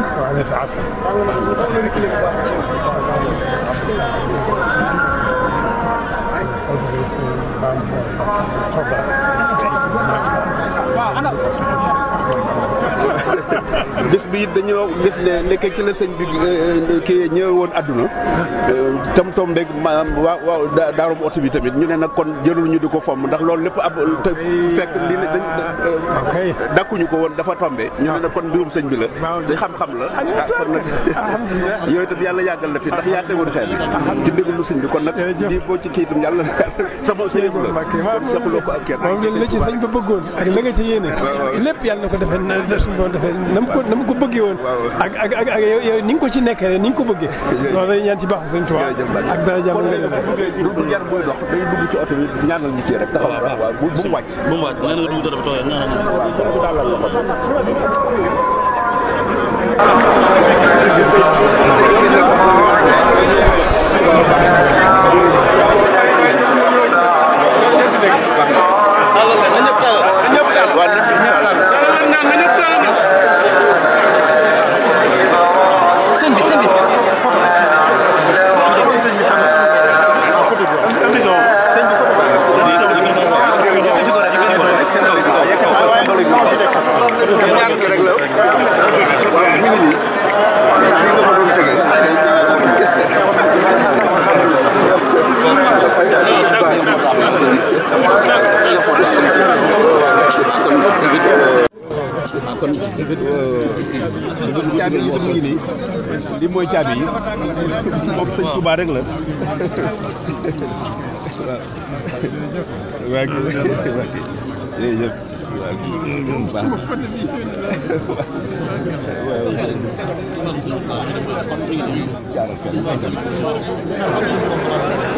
وأن يتعافى تفضل bis bi it dañoo gis ne nekk ki la sëñ bi eh, kii ñëwee woon àdduna eh, tam tom beeg maanaam waa waaw daarum oto bi tamit ñu ne nag kon jëlul ñu di ko fomm ndax lool lépp ab te fekk li dañ eh, dakkuñu ko woon dafa tombe ñu ne nag kon mbirum sëñ bi la da xam-xam la ah, kon nag yooyu tam yàlla yàggal la fi ndax yaa tegoon xeer bi ci ndigalu sëñ bi kon nag di boo ci kii itam yàlla sama sëñ la kon sequloo ko ak kenn moom la ci sëñ ba bëggoon ak la nga ci lépp yàlla ko defee suñu ko na mu woon ak ak ak ak yow ni nga ko ci nekkee ni ko bëggee loolu dañu ñaan ci baax suñu tubaab ak dara jàmm nga du yar booy dox day ah kon caabi yi itam mu ngi nii lii mooy caabi yi moom sëñ Touba rek la waaw waaw kii waaw kii jërëjëf waaw kii baax na waaw jërëjëf